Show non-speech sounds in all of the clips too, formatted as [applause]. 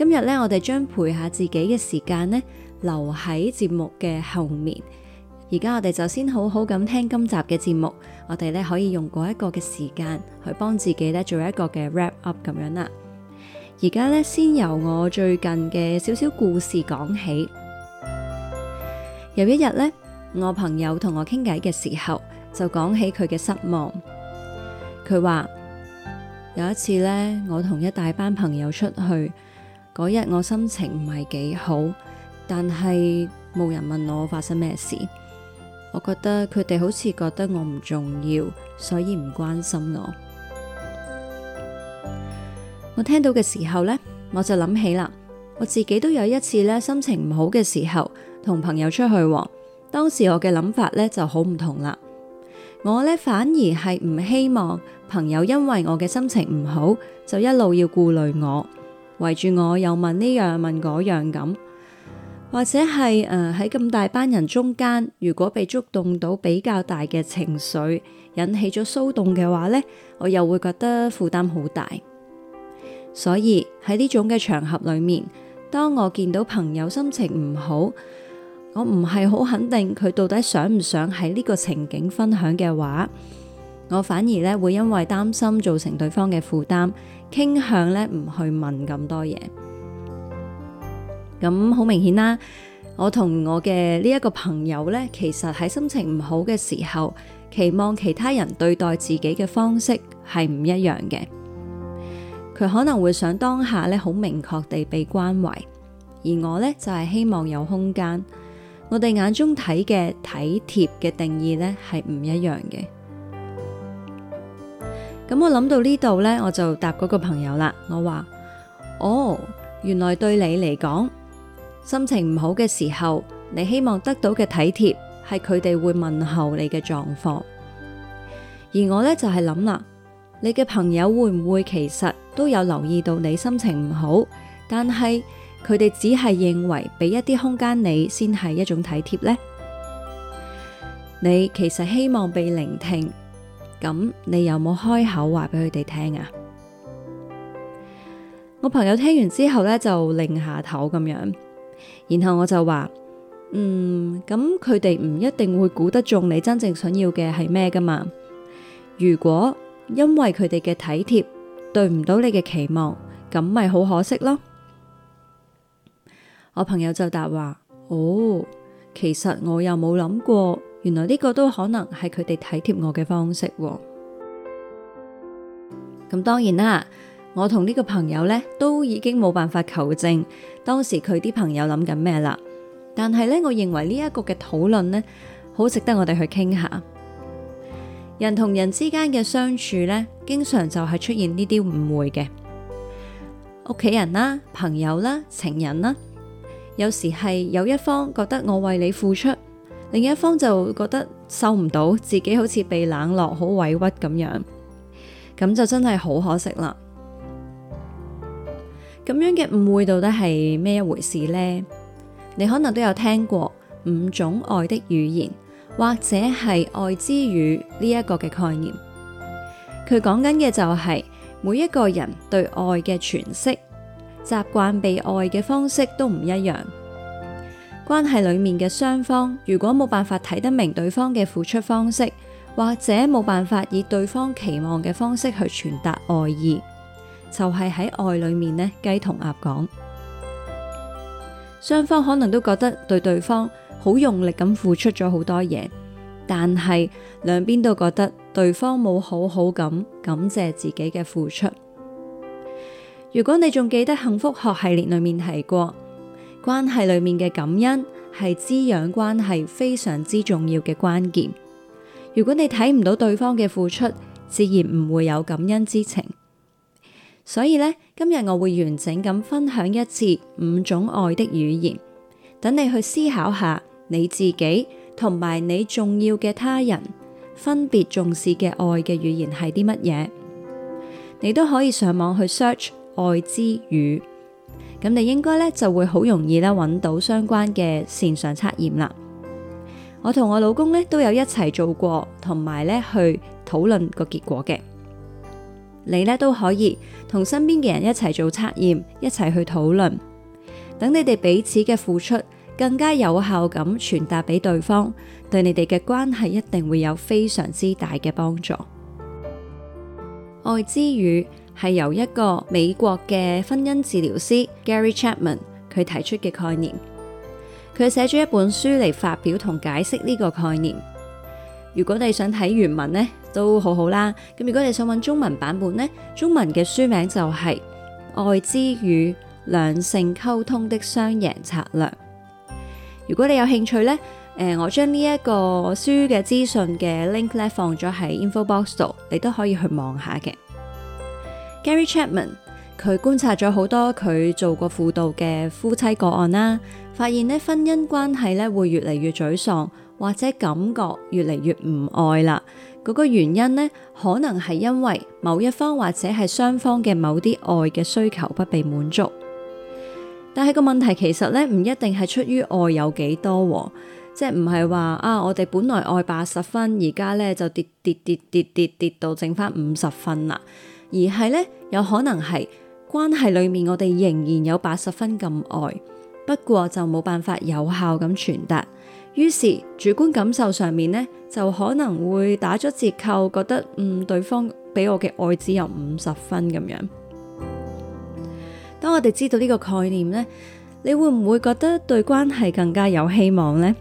今日呢，我哋將陪下自己嘅時間呢，留喺節目嘅後面。而家我哋就先好好咁聽今集嘅節目，我哋呢可以用嗰一個嘅時間去幫自己呢做一個嘅 wrap up 咁樣啦。而家呢先由我最近嘅少少故事講起。有一日呢，我朋友同我傾偈嘅時候就講起佢嘅失望。佢話有一次呢，我同一大班朋友出去。嗰日我心情唔係幾好，但係冇人問我發生咩事。我覺得佢哋好似覺得我唔重要，所以唔關心我。我聽到嘅時候呢，我就諗起啦，我自己都有一次呢，心情唔好嘅時候同朋友出去。當時我嘅諗法呢就好唔同啦，我呢，反而係唔希望朋友因為我嘅心情唔好，就一路要顧慮我。圍住我又問呢樣問嗰樣咁，或者係誒，喺咁大班人中間，如果被觸動到比較大嘅情緒，引起咗騷動嘅話咧，我又會覺得負擔好大。所以喺呢種嘅場合裏面，當我見到朋友心情唔好，我唔係好肯定佢到底想唔想喺呢個情景分享嘅話。我反而咧會因為擔心造成對方嘅負擔，傾向咧唔去問咁多嘢。咁好明顯啦，我同我嘅呢一個朋友咧，其實喺心情唔好嘅時候，期望其他人對待自己嘅方式係唔一樣嘅。佢可能會想當下咧好明確地被關懷，而我咧就係希望有空間。我哋眼中睇嘅體貼嘅定義咧係唔一樣嘅。咁，嗯，我諗到呢度呢，我就答嗰個朋友啦。我話：哦，oh，原來對你嚟講，心情唔好嘅時候，你希望得到嘅體貼係佢哋會問候你嘅狀況。而我呢，就係諗啦，你嘅朋友會唔會其實都有留意到你心情唔好，但係佢哋只係認為俾一啲空間你先係一種體貼呢？你其實希望被聆聽。咁你有冇開口話俾佢哋聽啊？我朋友聽完之後咧，就擰下頭咁樣，然後我就話：嗯，咁佢哋唔一定會估得中你真正想要嘅係咩㗎嘛？如果因為佢哋嘅體貼對唔到你嘅期望，咁咪好可惜咯。我朋友就答話：哦，其實我又冇諗過。原來呢個都可能係佢哋體貼我嘅方式。咁當然啦，我同呢個朋友呢，都已經冇辦法求證當時佢啲朋友諗緊咩啦。但係呢，我認為呢一個嘅討論呢，好值得我哋去傾下。人同人之間嘅相處呢，經常就係出現呢啲誤會嘅。屋企人啦，朋友啦，情人啦，有時係有一方覺得我為你付出。另一方就覺得收唔到，自己好似被冷落，好委屈咁樣，咁就真係好可惜啦。咁樣嘅誤會到底係咩一回事呢？你可能都有聽過五種愛的語言，或者係愛之語呢一個嘅概念。佢講緊嘅就係每一個人對愛嘅詮釋、習慣被愛嘅方式都唔一樣。關係裏面嘅雙方，如果冇辦法睇得明對方嘅付出方式，或者冇辦法以對方期望嘅方式去傳達愛意，就係喺愛裏面呢雞同鴨講。雙方可能都覺得對對方好用力咁付出咗好多嘢，但係兩邊都覺得對方冇好好咁感謝自己嘅付出。如果你仲記得幸福學系列裏面提過。關係裏面嘅感恩係滋養關係非常之重要嘅關鍵。如果你睇唔到對方嘅付出，自然唔會有感恩之情。所以呢，今日我會完整咁分享一次五種愛的語言，等你去思考下你自己同埋你重要嘅他人分別重視嘅愛嘅語言係啲乜嘢。你都可以上網去 search 愛之語。咁你應該咧就會好容易咧揾到相關嘅線上測驗啦。我同我老公咧都有一齊做過，同埋咧去討論個結果嘅。你咧都可以同身邊嘅人一齊做測驗，一齊去討論。等你哋彼此嘅付出更加有效咁傳達俾對方，對你哋嘅關係一定會有非常之大嘅幫助。愛之語。係由一個美國嘅婚姻治療師 Gary Chapman 佢提出嘅概念，佢寫咗一本書嚟發表同解釋呢個概念。如果你想睇原文呢，都好好啦。咁如果你想揾中文版本呢，中文嘅書名就係、是《愛之語：兩性溝通的雙贏策略》。如果你有興趣呢，誒，我將呢一個書嘅資訊嘅 link 咧放咗喺 info box 度，你都可以去望下嘅。Gary Chapman 佢觀察咗好多佢做過輔導嘅夫妻個案啦，發現咧婚姻關係咧會越嚟越沮喪，或者感覺越嚟越唔愛啦。嗰個原因咧可能係因為某一方或者係雙方嘅某啲愛嘅需求不被滿足。但係個問題其實咧唔一定係出於愛有幾多喎，即係唔係話啊我哋本來愛八十分，而家咧就跌跌跌跌跌跌跌到剩翻五十分啦。而係咧，有可能係關係裏面，我哋仍然有八十分咁愛，不過就冇辦法有效咁傳達。於是主觀感受上面呢，就可能會打咗折扣，覺得，嗯，對方俾我嘅愛只有五十分咁樣。當我哋知道呢個概念呢，你會唔會覺得對關係更加有希望呢？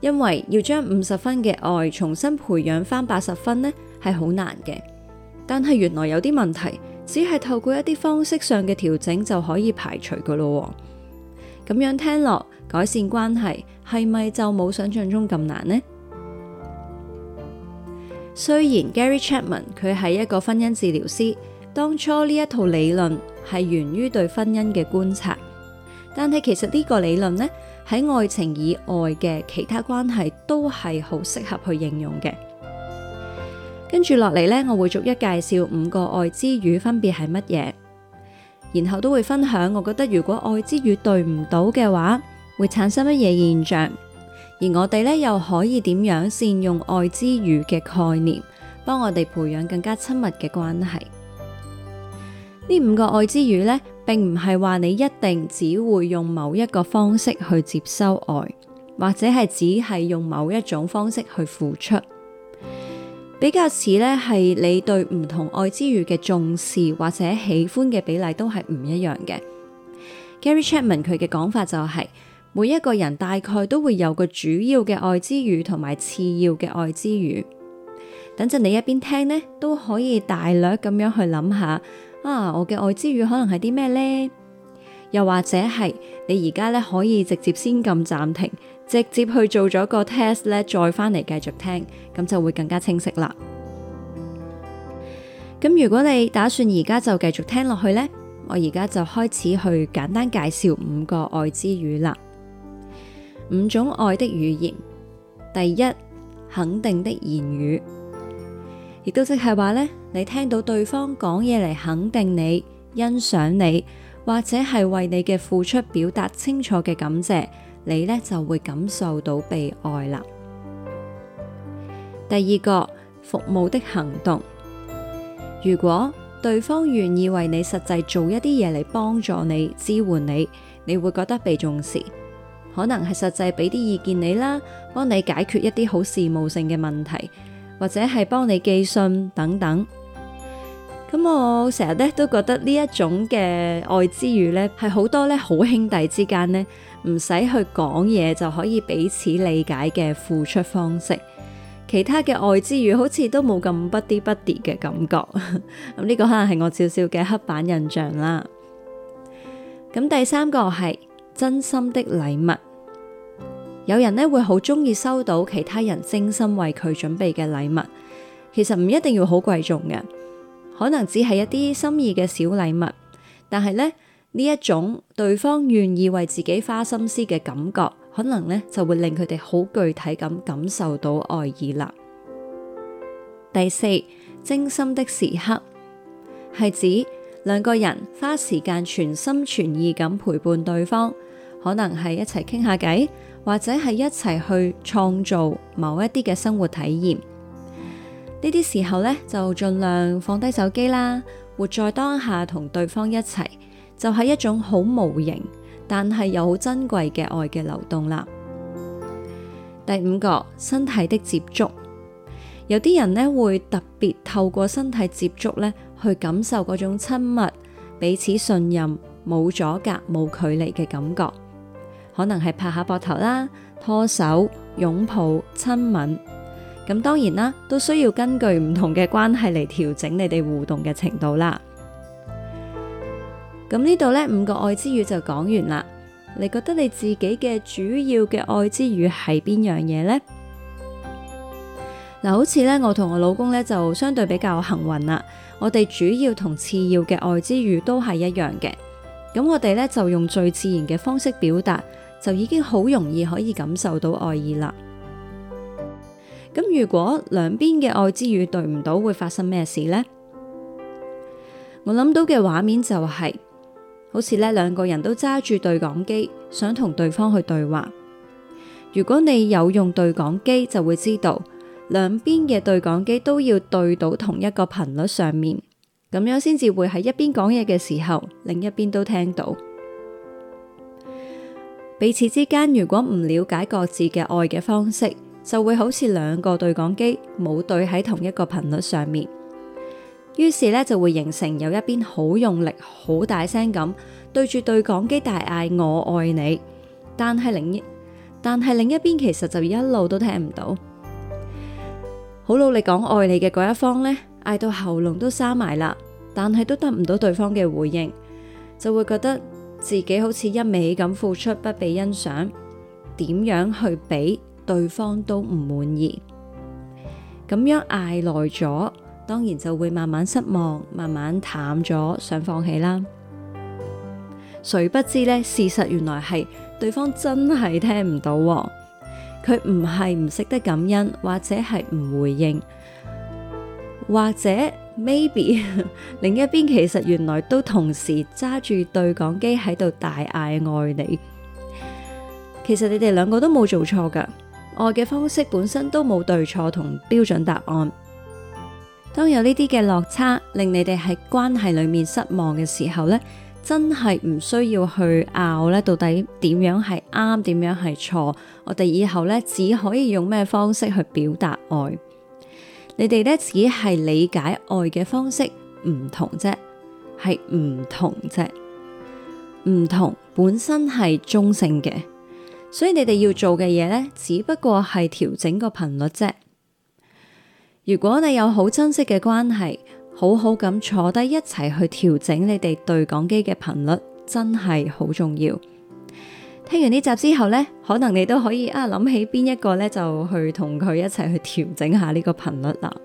因為要將五十分嘅愛重新培養翻八十分呢，係好難嘅。但係原來有啲問題，只係透過一啲方式上嘅調整就可以排除㗎喇。咁樣聽落，改善關係係咪就冇想象中咁難呢？雖然 Gary Chapman 佢係一個婚姻治療師，當初呢一套理論係源於對婚姻嘅觀察，但係其實呢個理論呢，喺愛情以外嘅其他關係都係好適合去應用嘅。跟住落嚟呢，我會逐一介紹五個愛之語分別係乜嘢，然後都會分享，我覺得如果愛之語對唔到嘅話，會產生乜嘢現象，而我哋呢，又可以點樣善用愛之語嘅概念，幫我哋培養更加親密嘅關係。呢五個愛之語呢，並唔係話你一定只會用某一個方式去接收愛，或者係只係用某一種方式去付出。比較似咧，係你對唔同愛之語嘅重視或者喜歡嘅比例都係唔一樣嘅。Gary Chapman 佢嘅講法就係，每一個人大概都會有個主要嘅愛之語同埋次要嘅愛之語。等陣你一邊聽呢，都可以大略咁樣去諗下啊，我嘅愛之語可能係啲咩呢？又或者係你而家咧，可以直接先撳暫停。直接去做咗個 test 咧，再翻嚟繼續聽，咁就會更加清晰啦。咁如果你打算而家就繼續聽落去呢，我而家就開始去簡單介紹五個愛之語啦。五種愛的語言，第一，肯定的言語，亦都即係話呢，你聽到對方講嘢嚟肯定你、欣賞你，或者係為你嘅付出表達清楚嘅感謝。你咧就會感受到被愛啦。第二個服務的行動，如果對方願意為你實際做一啲嘢嚟幫助你、支援你，你會覺得被重視。可能係實際俾啲意見你啦，幫你解決一啲好事務性嘅問題，或者係幫你寄信等等。咁我成日咧都覺得呢一種嘅愛之語呢，係好多咧好兄弟之間呢。唔使去講嘢就可以彼此理解嘅付出方式，其他嘅愛之語，好似都冇咁不啲不跌嘅感覺。咁 [laughs] 呢個可能係我少少嘅黑板印象啦。咁第三個係真心的禮物，有人呢會好中意收到其他人精心為佢準備嘅禮物，其實唔一定要好貴重嘅，可能只係一啲心意嘅小禮物，但係呢。呢一種對方願意為自己花心思嘅感覺，可能呢就會令佢哋好具體咁感受到愛意啦。第四，精心的時刻係指兩個人花時間全心全意咁陪伴對方，可能係一齊傾下偈，或者係一齊去創造某一啲嘅生活體驗。呢啲時候呢，就盡量放低手機啦，活在當下，同對方一齊。就係一種好無形但係又好珍貴嘅愛嘅流動啦。第五個身體的接觸，有啲人呢會特別透過身體接觸呢去感受嗰種親密、彼此信任、冇阻隔、冇距離嘅感覺。可能係拍下膊頭啦、拖手、擁抱、親吻。咁當然啦，都需要根據唔同嘅關係嚟調整你哋互動嘅程度啦。咁呢度呢，五個愛之語就講完啦。你覺得你自己嘅主要嘅愛之語係邊樣嘢呢？嗱，好似呢，我同我老公呢，就相對比較幸運啦。我哋主要同次要嘅愛之語都係一樣嘅。咁我哋呢，就用最自然嘅方式表達，就已經好容易可以感受到愛意啦。咁如果兩邊嘅愛之語對唔到，會發生咩事呢？我諗到嘅畫面就係……好似呢，兩個人都揸住對講機，想同對方去對話。如果你有用對講機，就會知道兩邊嘅對講機都要對到同一個頻率上面，咁樣先至會喺一邊講嘢嘅時候，另一邊都聽到。彼此之間如果唔了解各自嘅愛嘅方式，就會好似兩個對講機冇對喺同一個頻率上面。於是咧就會形成有一邊好用力、好大聲咁對住對講機大嗌我愛你，但係另，另一但係另一邊其實就一路都聽唔到。好努力講愛你嘅嗰一方咧，嗌到喉嚨都沙埋啦，但係都得唔到對方嘅回應，就會覺得自己好似一味咁付出不被欣賞，點樣去俾對方都唔滿意，咁樣嗌耐咗。當然就會慢慢失望，慢慢淡咗，想放棄啦。誰不知呢，事實原來係對方真係聽唔到，佢唔係唔識得感恩，或者係唔回應，或者 maybe [laughs] 另一邊其實原來都同時揸住對講機喺度大嗌愛你。其實你哋兩個都冇做錯噶，愛嘅方式本身都冇對錯同標準答案。當有呢啲嘅落差，令你哋喺關係裏面失望嘅時候咧，真係唔需要去拗咧，到底點樣係啱，點樣係錯？我哋以後咧，只可以用咩方式去表達愛？你哋咧，只係理解愛嘅方式唔同啫，係唔同啫，唔同本身係中性嘅，所以你哋要做嘅嘢咧，只不過係調整個頻率啫。如果你有好珍惜嘅關係，好好咁坐低一齊去調整你哋對講機嘅頻率，真係好重要。聽完呢集之後呢，可能你都可以啊諗起邊一個呢，就去同佢一齊去調整下呢個頻率啦。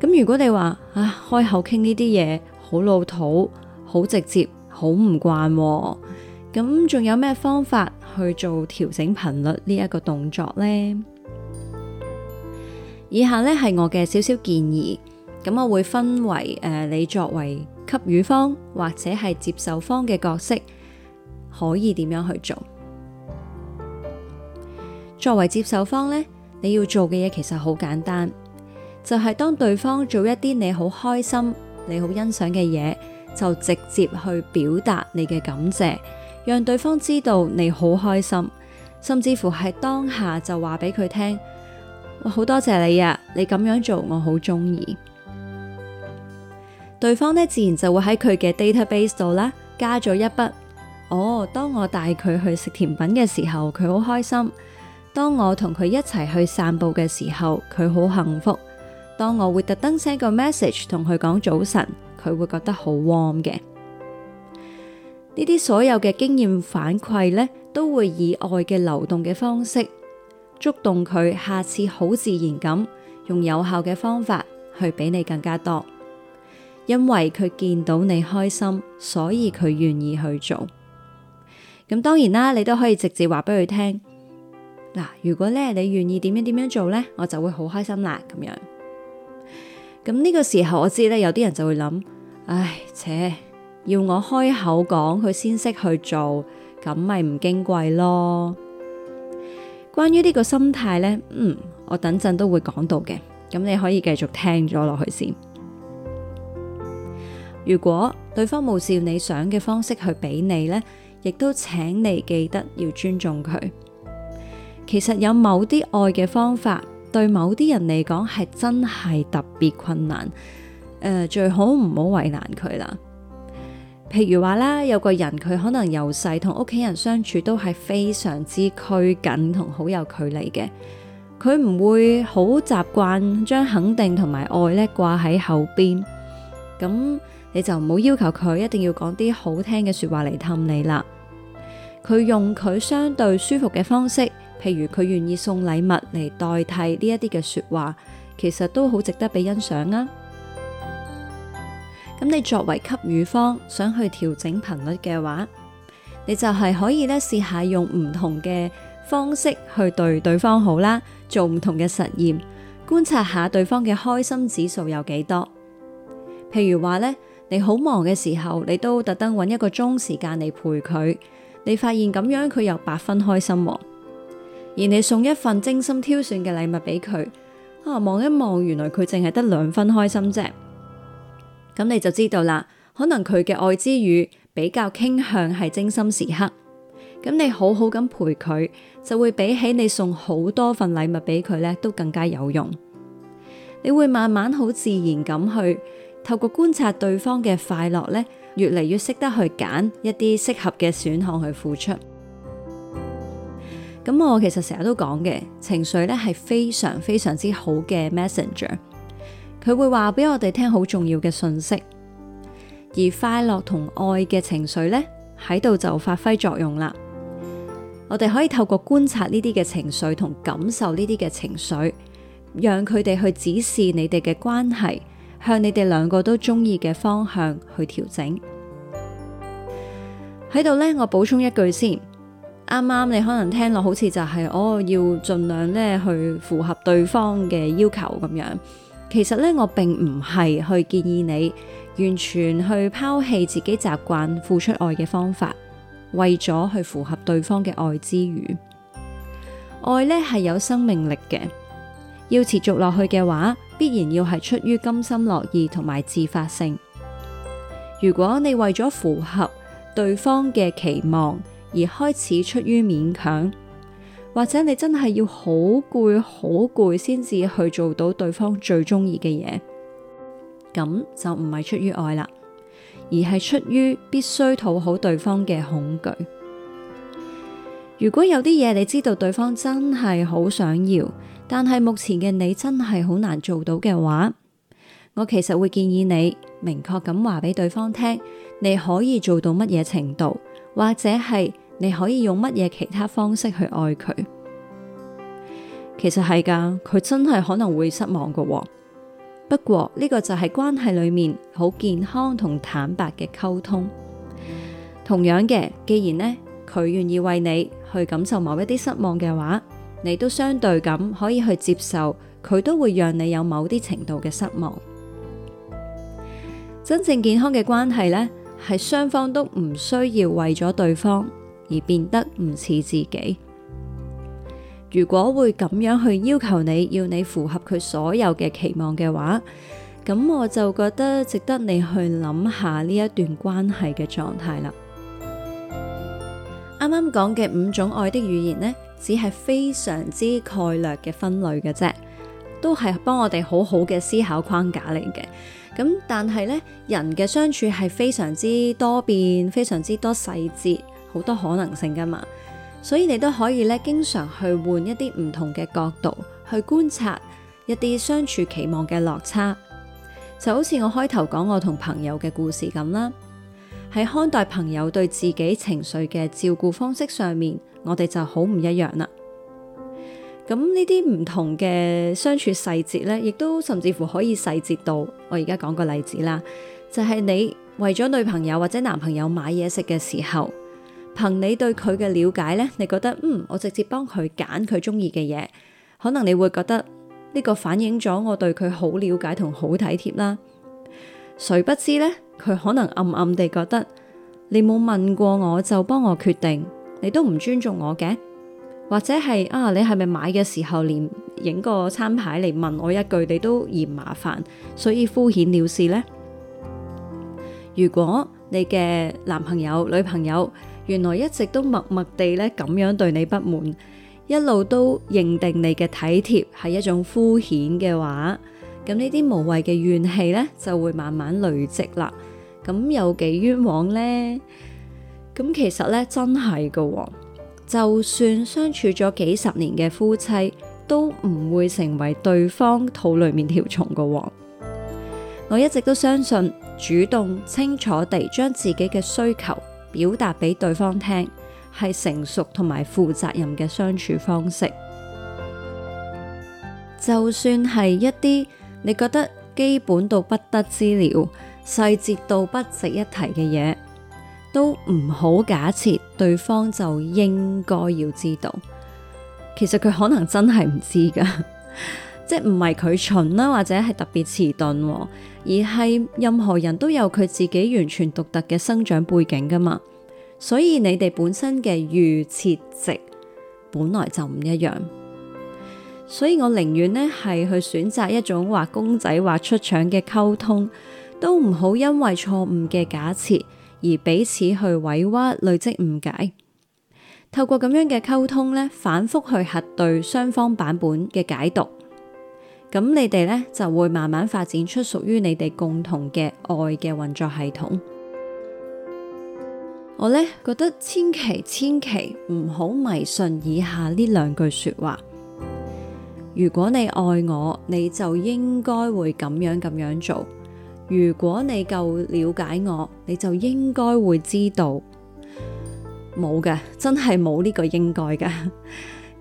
咁如果你話啊開口傾呢啲嘢好老土，好直接、好唔慣喎，咁仲有咩方法去做調整頻率呢一個動作呢？以下呢係我嘅少少建議，咁我會分為誒、呃，你作為給予方或者係接受方嘅角色，可以點樣去做？作為接受方呢，你要做嘅嘢其實好簡單，就係、是、當對方做一啲你好開心、你好欣賞嘅嘢，就直接去表達你嘅感謝，讓對方知道你好開心，甚至乎係當下就話俾佢聽。好多謝你呀、啊，你咁樣做我好中意。對方呢，自然就會喺佢嘅 database 度啦，加咗一筆。哦，當我帶佢去食甜品嘅時候，佢好開心；當我同佢一齊去散步嘅時候，佢好幸福；當我會特登 send 個 message 同佢講早晨，佢會覺得好 warm 嘅。呢啲所有嘅經驗反饋呢，都會以愛嘅流動嘅方式，觸動佢下次好自然咁，用有效嘅方法去俾你更加多，因為佢見到你開心，所以佢願意去做。咁當然啦，你都可以直接話俾佢聽。嗱，如果咧你願意點樣點樣做咧，我就會好開心啦。咁樣，咁呢個時候我知咧，有啲人就會諗：唉，切，要我開口講佢先識去做，咁咪唔矜貴咯。關於呢個心態咧，嗯，我等陣都會講到嘅，咁你可以繼續聽咗落去先。如果對方冇照你想嘅方式去俾你咧，亦都請你記得要尊重佢。其實有某啲愛嘅方法，對某啲人嚟講係真係特別困難。誒、呃，最好唔好為難佢啦。譬如話啦，有個人佢可能由細同屋企人相處都係非常之拘謹同好有距離嘅，佢唔會好習慣將肯定同埋愛咧掛喺後邊，咁你就唔好要求佢一定要講啲好聽嘅說話嚟氹你啦。佢用佢相對舒服嘅方式，譬如佢願意送禮物嚟代替呢一啲嘅說話，其實都好值得俾欣賞啊！咁你作為給予方，想去調整頻率嘅話，你就係可以咧試下用唔同嘅方式去對對方好啦，做唔同嘅實驗，觀察下對方嘅開心指數有幾多。譬如話咧，你好忙嘅時候，你都特登揾一個鐘時間嚟陪佢，你發現咁樣佢有八分開心喎。哦，而你送一份精心挑選嘅禮物俾佢，啊望一望，原來佢淨係得兩分開心啫。咁你就知道啦，可能佢嘅愛之語比較傾向係精心時刻，咁你好好咁陪佢，就會比起你送好多份禮物俾佢咧，都更加有用。你會慢慢好自然咁去透過觀察對方嘅快樂咧，越嚟越識得去揀一啲適合嘅選項去付出。咁我其實成日都講嘅，情緒咧係非常非常之好嘅 Messenger。佢會話俾我哋聽好重要嘅信息，而快樂同愛嘅情緒咧喺度就發揮作用啦。我哋可以透過觀察呢啲嘅情緒同感受呢啲嘅情緒，讓佢哋去指示你哋嘅關係，向你哋兩個都中意嘅方向去調整。喺度呢，我補充一句先，啱啱你可能聽落好似就係、是，哦，要盡量咧去符合對方嘅要求咁樣。其實咧，我並唔係去建議你完全去拋棄自己習慣付出愛嘅方法，為咗去符合對方嘅愛之語，愛咧係有生命力嘅，要持續落去嘅話，必然要係出於甘心樂意同埋自發性。如果你為咗符合對方嘅期望而開始出於勉強。或者你真係要好攰好攰先至去做到對方最鍾意嘅嘢，咁就唔係出於愛啦，而係出於必須討好對方嘅恐懼。如果有啲嘢你知道對方真係好想要，但係目前嘅你真係好難做到嘅話，我其實會建議你明確咁話俾對方聽，你可以做到乜嘢程度，或者係。你可以用乜嘢其他方式去愛佢，其實係噶，佢真係可能會失望噶喎。不過呢個就係關係裏面好健康同坦白嘅溝通。同樣嘅，既然呢佢願意為你去感受某一啲失望嘅話，你都相對咁可以去接受佢，都會讓你有某啲程度嘅失望。真正健康嘅關係呢，係雙方都唔需要為咗對方。而變得唔似自己。如果會咁樣去要求你，要你符合佢所有嘅期望嘅話，咁我就覺得值得你去諗下呢一段關係嘅狀態啦。啱啱講嘅五種愛的語言呢，只係非常之概略嘅分類嘅啫，都係幫我哋好好嘅思考框架嚟嘅。咁但係呢，人嘅相處係非常之多變，非常之多細節。好多可能性噶嘛，所以你都可以咧，經常去換一啲唔同嘅角度去觀察一啲相處期望嘅落差，就好似我開頭講我同朋友嘅故事咁啦。喺看待朋友對自己情緒嘅照顧方式上面，我哋就好唔一樣啦。咁呢啲唔同嘅相處細節咧，亦都甚至乎可以細節到我而家講個例子啦，就係你為咗女朋友或者男朋友買嘢食嘅時候。憑你對佢嘅了解咧，你覺得嗯，我直接幫佢揀佢中意嘅嘢。可能你會覺得呢個反映咗我對佢好了解同好體貼啦。誰不知咧，佢可能暗暗地覺得，你冇問過我就幫我決定，你都唔尊重我嘅。或者係啊，你係咪買嘅時候連影個餐牌嚟問我一句，你都嫌麻煩，所以敷衍了事咧？如果你嘅男朋友、女朋友，原來一直都默默地咧咁樣對你不滿，一路都認定你嘅體貼係一種敷衍嘅話，咁呢啲無謂嘅怨氣呢，就會慢慢累積啦。咁有幾冤枉呢？咁其實呢，真係㗎，就算相處咗幾十年嘅夫妻，都唔會成為對方肚裏面條蟲嘅。我一直都相信，主動清楚地將自己嘅需求，表達俾對方聽，係成熟同埋負責任嘅相處方式。就算係一啲你覺得基本到不得之了、細節到不值一提嘅嘢，都唔好假設對方就應該要知道。其實佢可能真係唔知㗎。 [laughs] 即係唔係佢蠢啦，或者係特別遲鈍，而係任何人都有佢自己完全獨特嘅生長背景噶嘛。所以你哋本身嘅預設值本來就唔一樣，所以我寧願呢係去選擇一種畫公仔畫出腸嘅溝通，都唔好因為錯誤嘅假設而彼此去委屈累積誤解。透過咁樣嘅溝通呢，反復去核對雙方版本嘅解讀。咁你哋咧，就會慢慢發展出屬於你哋共同嘅愛嘅運作系統。我咧覺得千祈千祈唔好迷信以下呢兩句說話。如果你愛我，你就應該會咁樣咁樣做；如果你夠了解我，你就應該會知道。冇嘅，真係冇呢個應該㗎。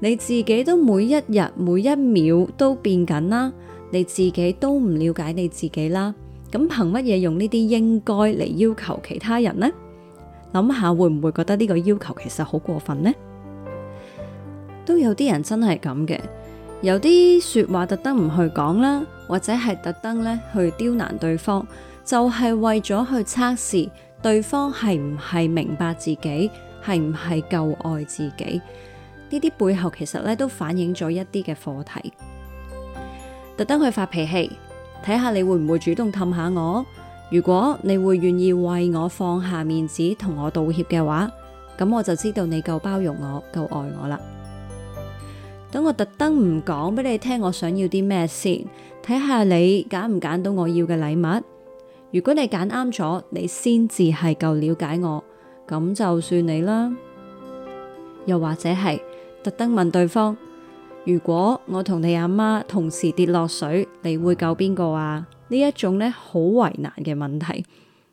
你自己都每一日每一秒都變緊啦，你自己都唔了解你自己啦，咁憑乜嘢用呢啲應該嚟要求其他人呢？諗下會唔會覺得呢個要求其實好過分呢？都有啲人真係咁嘅，有啲說話特登唔去講啦，或者係特登咧去刁難對方，就係為咗去測試對方係唔係明白自己，係唔係夠愛自己。呢啲背後其實咧都反映咗一啲嘅課題，特登去發脾氣，睇下你會唔會主動氹下我。如果你會願意為我放下面子同我道歉嘅話，咁我就知道你夠包容我、夠愛我啦。等我特登唔講俾你聽我想要啲咩先，睇下你揀唔揀到我要嘅禮物。如果你揀啱咗，你先至係夠了解我，咁就算你啦。又或者係。特登問對方：如果我同你阿媽，媽同時跌落水，你會救邊個啊？呢一種咧，好為難嘅問題，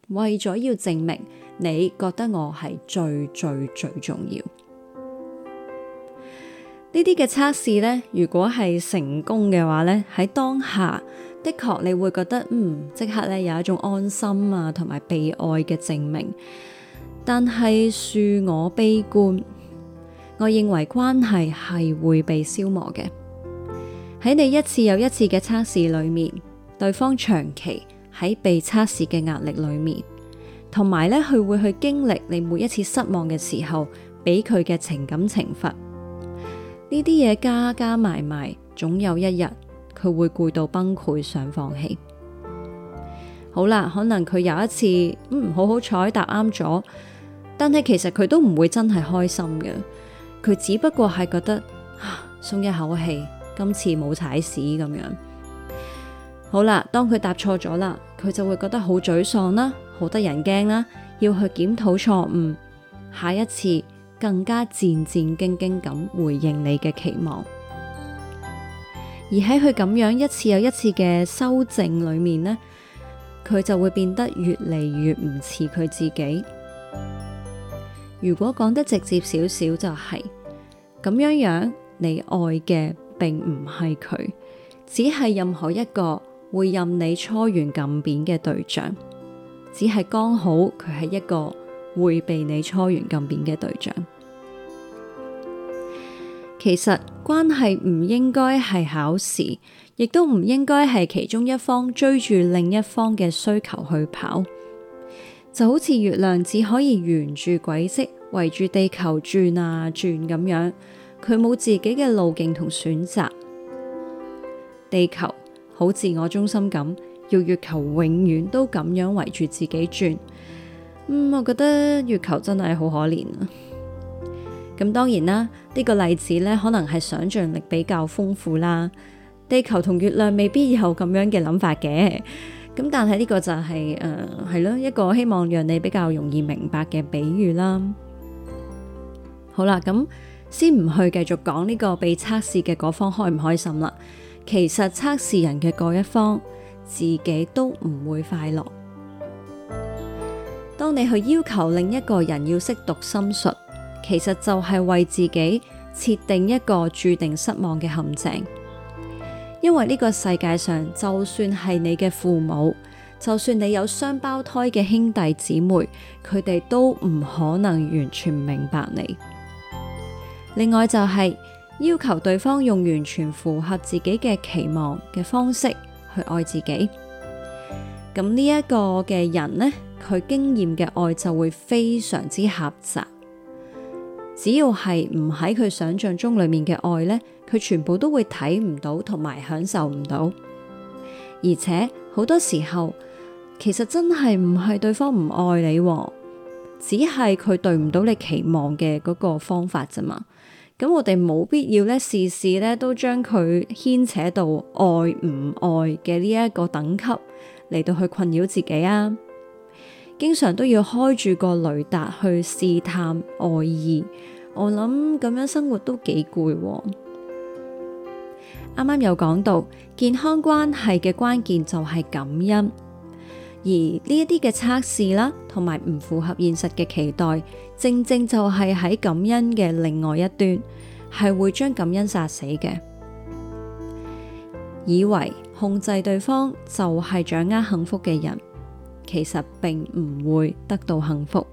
為咗要證明你覺得我係最、最最最重要。呢啲嘅測試咧，如果係成功嘅話咧，喺當下的確你會覺得嗯，即刻咧有一種安心啊，同埋被愛嘅證明。但係恕我悲觀。我認為關係係會被消磨嘅。喺你一次又一次嘅測試裏面，對方長期喺被測試嘅壓力裏面，同埋呢，佢會去經歷你每一次失望嘅時候，俾佢嘅情感懲罰呢啲嘢，加加埋埋，總有一日佢會攰到崩潰，想放棄。好啦，可能佢有一次嗯，好好彩答啱咗，但係其實佢都唔會真係開心嘅。佢只不過係覺得啊，鬆一口氣，今次冇踩屎咁樣。好啦，當佢答錯咗啦，佢就會覺得好沮喪啦，好得人驚啦，要去檢討錯誤，下一次更加戰戰兢兢咁回應你嘅期望。而喺佢咁樣一次又一次嘅修正裏面呢，佢就會變得越嚟越唔似佢自己。如果講得直接少少，就是，就係咁樣樣，你愛嘅並唔係佢，只係任何一個會任你搓圓撳扁嘅對象，只係剛好佢係一個會被你搓圓撳扁嘅對象。其實關係唔應該係考試，亦都唔應該係其中一方追住另一方嘅需求去跑。就好似月亮只可以沿住軌跡圍住地球轉啊轉咁樣，佢冇自己嘅路徑同選擇。地球好自我中心咁，要月球永遠都咁樣圍住自己轉。嗯，我覺得月球真係好可憐。咁、嗯嗯、當然啦，呢個例子呢可能係想象力比較豐富啦。地球同月亮未必有咁樣嘅諗法嘅。咁但係呢個就係誒係咯，一個希望讓你比較容易明白嘅比喻啦。好啦，咁先唔去繼續講呢個被測試嘅嗰方開唔開心啦。其實測試人嘅嗰一方，自己都唔會快樂。當你去要求另一個人要識讀心術，其實就係為自己設定一個注定失望嘅陷阱。因為呢個世界上，就算係你嘅父母，就算你有雙胞胎嘅兄弟姊妹，佢哋都唔可能完全明白你。另外就係要求對方用完全符合自己嘅期望嘅方式去愛自己。咁呢一個嘅人呢，佢經驗嘅愛就會非常之狹窄。只要係唔喺佢想象中裏面嘅愛呢，佢全部都會睇唔到，同埋享受唔到，而且好多時候其實真係唔係對方唔愛你喎，只係佢對唔到你期望嘅嗰個方法咋嘛？咁我哋冇必要咧，事事咧都將佢牽扯到愛唔愛嘅呢一個等級嚟到去困擾自己啊。經常都要開住個雷達去試探愛意，我諗咁樣生活都幾攰喎。啱啱有講到健康關係嘅關鍵就係感恩，而呢一啲嘅測試啦，同埋唔符合現實嘅期待，正正就係喺感恩嘅另外一端，係會將感恩殺死嘅。以為控制對方就係掌握幸福嘅人，其實並唔會得到幸福。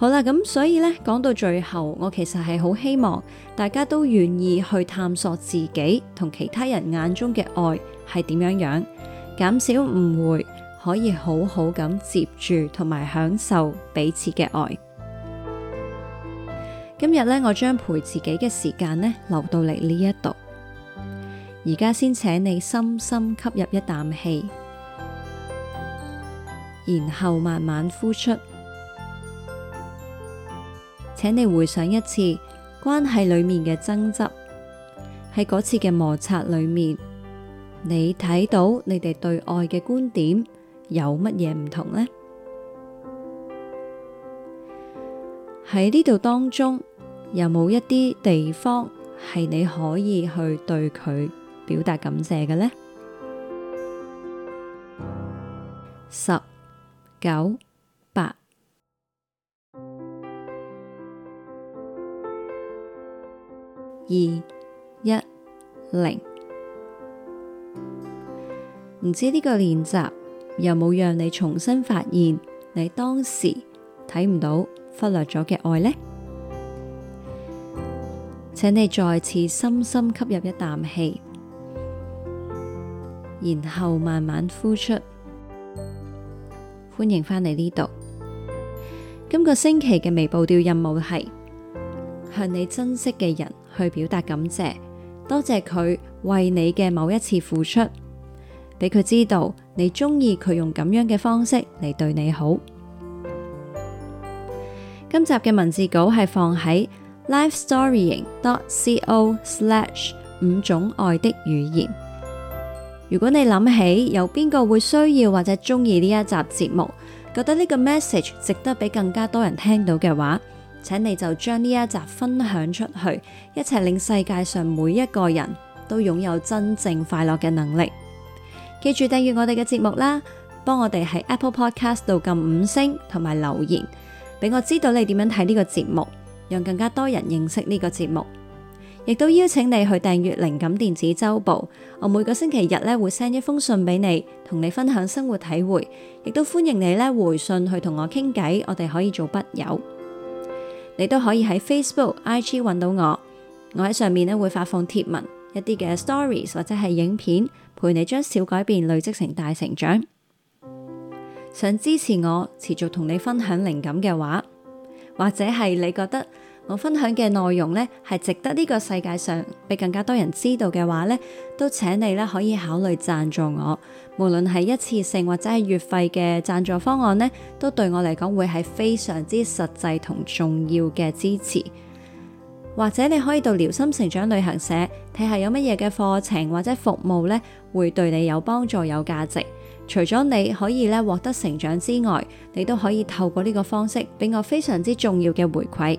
好啦，咁所以呢，講到最後，我其實係好希望大家都願意去探索自己同其他人眼中嘅愛係點樣樣，減少誤會，可以好好咁接住同埋享受彼此嘅愛。今日呢，我將陪自己嘅時間呢，留到嚟呢一度，而家先請你深深吸入一啖氣，然後慢慢呼出。請你回想一次關係裏面嘅爭執，喺嗰次嘅摩擦裏面，你睇到你哋對愛嘅觀點有乜嘢唔同呢？喺呢度當中，有冇一啲地方係你可以去對佢表達感謝嘅呢？十九。二一零，唔知呢個練習有冇讓你重新發現你當時睇唔到、忽略咗嘅愛呢？請你再次深深吸入一啖氣，然後慢慢呼出。歡迎返嚟呢度。今個星期嘅微步調任務係。向你珍惜嘅人去表達感謝，多謝佢為你嘅某一次付出，俾佢知道你中意佢用咁樣嘅方式嚟對你好。今集嘅文字稿係放喺 lifestorying.co/ 五種愛的語言。如果你諗起有邊個會需要或者中意呢一集節目，覺得呢個 message 值得俾更加多人聽到嘅話，請你就將呢一集分享出去，一齊令世界上每一個人都擁有真正快樂嘅能力。記住訂閱我哋嘅節目啦，幫我哋喺 Apple Podcast 度撳五星同埋留言，俾我知道你點樣睇呢個節目，讓更加多人認識呢個節目。亦都邀請你去訂閱靈感電子周報，我每個星期日咧會 send 一封信俾你，同你分享生活體會，亦都歡迎你咧回信去同我傾偈，我哋可以做筆友。你都可以喺 Facebook、IG 揾到我，我喺上面呢會發放貼文，一啲嘅 Stories 或者係影片，陪你將小改變累積成大成長。想支持我持續同你分享靈感嘅話，或者係你覺得。我分享嘅內容咧，係值得呢個世界上俾更加多人知道嘅話呢，都請你咧可以考慮贊助我。無論係一次性或者係月費嘅贊助方案呢，都對我嚟講會係非常之實際同重要嘅支持。或者你可以到療心成長旅行社睇下有乜嘢嘅課程或者服務呢會對你有幫助、有價值。除咗你可以咧獲得成長之外，你都可以透過呢個方式俾我非常之重要嘅回饋。